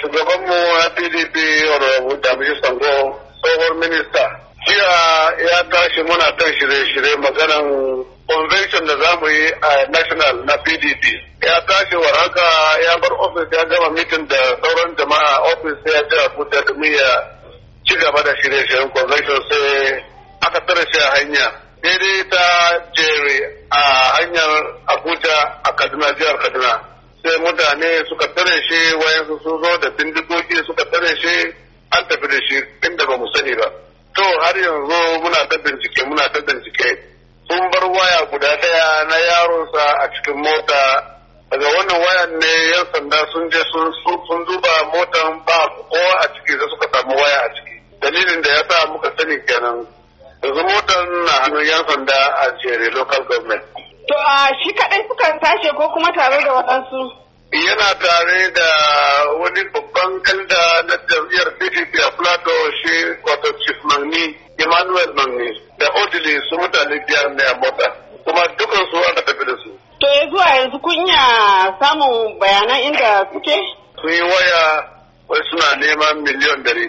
shugabanmu na pdp honorable damiru sango tsohon minista jiya ya tashi muna kan shirye-shirye maganan convention da za mu yi a national na pdp ya tashi warhaka ya bar ofis ya gama mitin da sauran jama'a ofis ya jira ku domin ya ci gaba da shirye-shiryen convention sai aka tare shi a hanya daidai ta jere a hanyar abuja a kaduna jihar kaduna sai mutane suka tare shi wayansu sun zo da bindigogi suka tare shi an tafi da shi inda ba mu sani ba to har yanzu muna ta bincike muna ta bincike sun bar waya guda daya na yaronsa a cikin mota daga wannan wayan ne yan sanda sun je sun duba motan ba ko a ciki da suka samu waya a ciki dalilin da ya sa muka sani kenan yanzu motan na hannun yan sanda a jere local government To a shi kaɗai sukan tashe ko kuma tare da waɗansu? Yana tare da wani babban kalda na jam'iyyar PDP a Plato shi wato Chief Magni, Emmanuel Magni, da Odile su mutane biyar ne a mota. Kuma dukan su ana tafi da su. To ya zuwa yanzu kunya samun bayanan inda suke? Sun yi waya wai suna neman miliyon dari.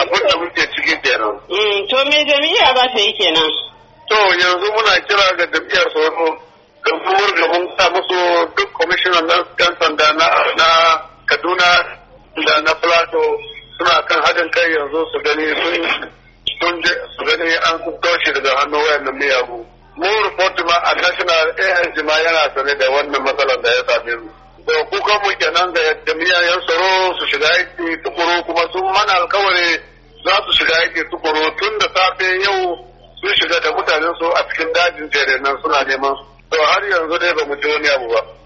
Abin da muke ciki kenan. Mm, to me jami'a ba ta yi kenan? To yanzu muna kira ga jam'iyyar yan sanda na kaduna da na plato suna kan haɗin kai yanzu su gani sun su gani an kauce daga hannun wayannan miyagu mu report ma a national ANC ma yana sane da wannan matsalar da ya same mu da kukan mu kenan da jami'an yan tsaro su shiga aiki tukuru kuma sun mana alkawari za su shiga aiki tukuru tun da safe yau sun shiga da mutanen su a cikin dajin jere nan suna neman to har yanzu dai ba mu ji wani abu ba